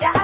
Yeah.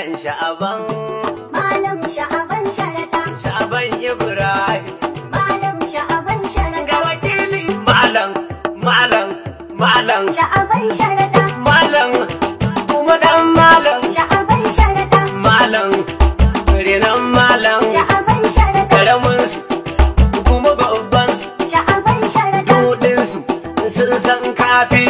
Hassan Sha'aban. Malam Sha'aban Sharata. Sha'aban Ibrahim. Malam Sha'aban Sharata. Ga wakili Malam, Malam, Malam. Sha'aban Sharata. Malam, kuma dan Malam. Sha'aban Sharata. Malam, nan Malam. Sha'aban Sharata. Karamin su, kuma babban su. Sha'aban Sharata. Dudin su, sun san kafin.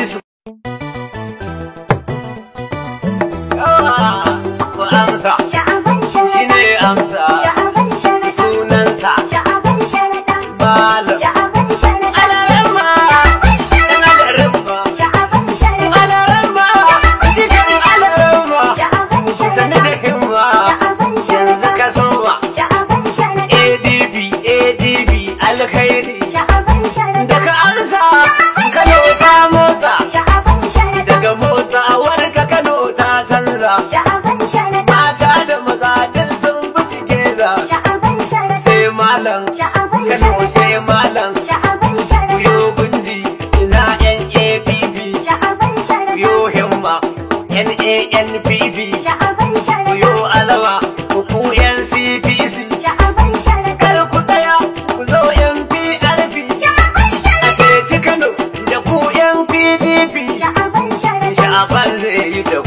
NANPP sha'aban sharaka yo alawa ku NCPC sha'aban sharaka kar ku tsaya ku zo sha'aban sharaka a Kano da sha'aban sha'aban zai yi da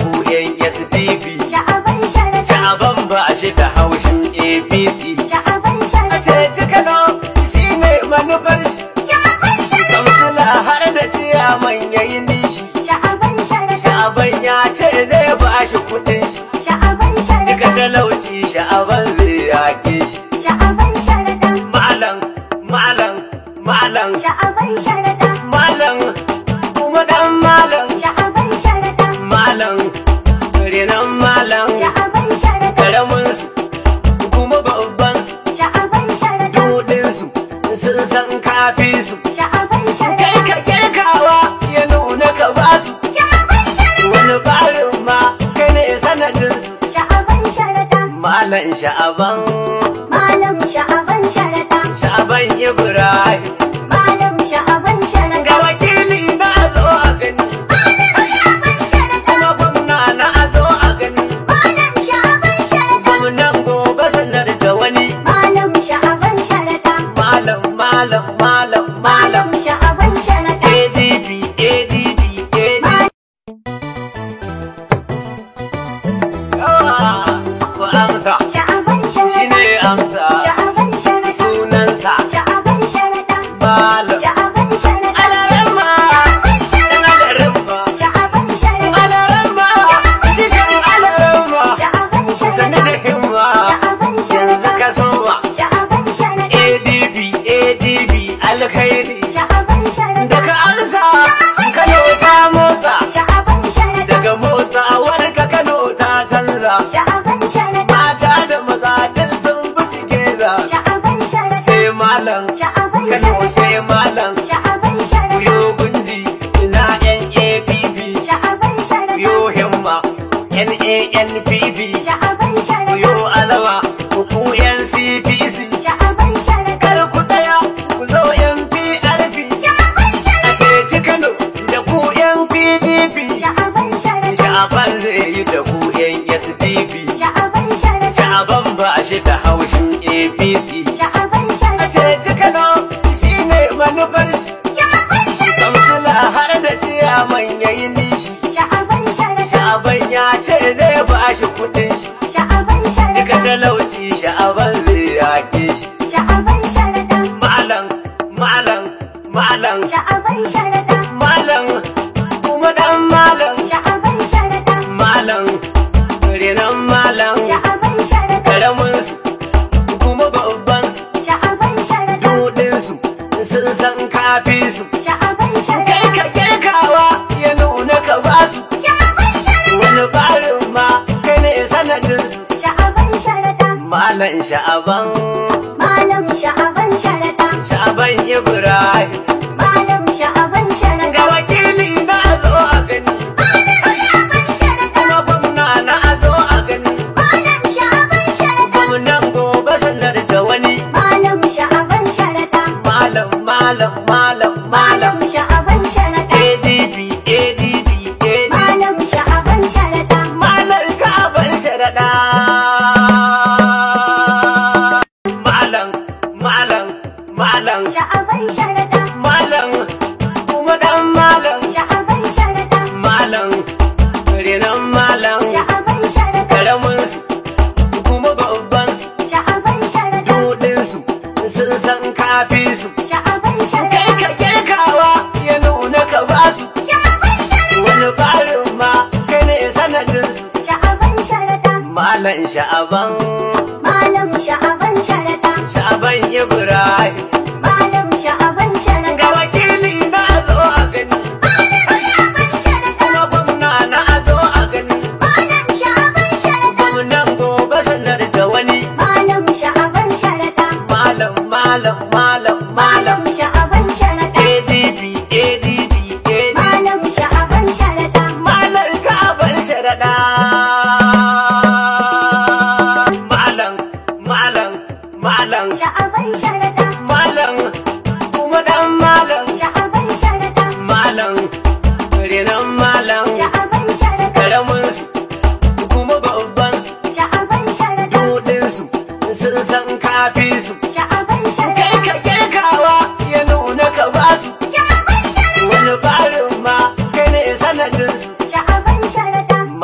NSDP sha'aban sharaka ba shi da haushin APC Yeah, ce Malam Sha'aban. Malam Sha'aban Sharata. Sha'aban Ibrahim. Malam Sha'aban Sharata. Ga wakili na zo a gani. Malam Sha'aban Sharata. Kuma gwamna na zo a gani. Malam Sha'aban Sharata. Gwamnan gobe sanar da wani. Malam Sha'aban Sharata. Malam Malam Malam. alkhairi da ka arsa NANPP Sha'aban shara Yo alawa Kuku NCPC Sha'aban shara Kar ku tsaya ku zo NPRP Sha'aban sharaka Ceci Kano da ku NPDP yi da ku shi da APC Sha'aban Kano shine manufar sha'aban ya ce zai bashi shi shi sha'aban sharada duka talauci sha'aban zai yaƙe shi sha'aban sharada malam malam malam sha'aban sharada malam kuma dan malam sha'aban sharada malam renan malam Malam Sha'aban. Malam Sha'aban Sharata. Sha'aban Ibrahim. Malam Sha'aban. malam malam sha'aban sharada malam kuma dan malam sha'aban sharada malam nan malam sha'aban sharada karamin su kuma babban su sha'aban sharada dudin su sun san kafi su sha'aban sharada kai ka kawa ya nuna ka ba su sha'aban sharada wani barin ma kai ne sanadin su sha'aban sharada malam sha'aban malam sha'aban sharada I.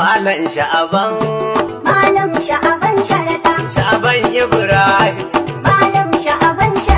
Malam Sha'aban. Malam Sha'aban Sharata. Sha'aban Ibrahim. Malam Sha'aban Sharata.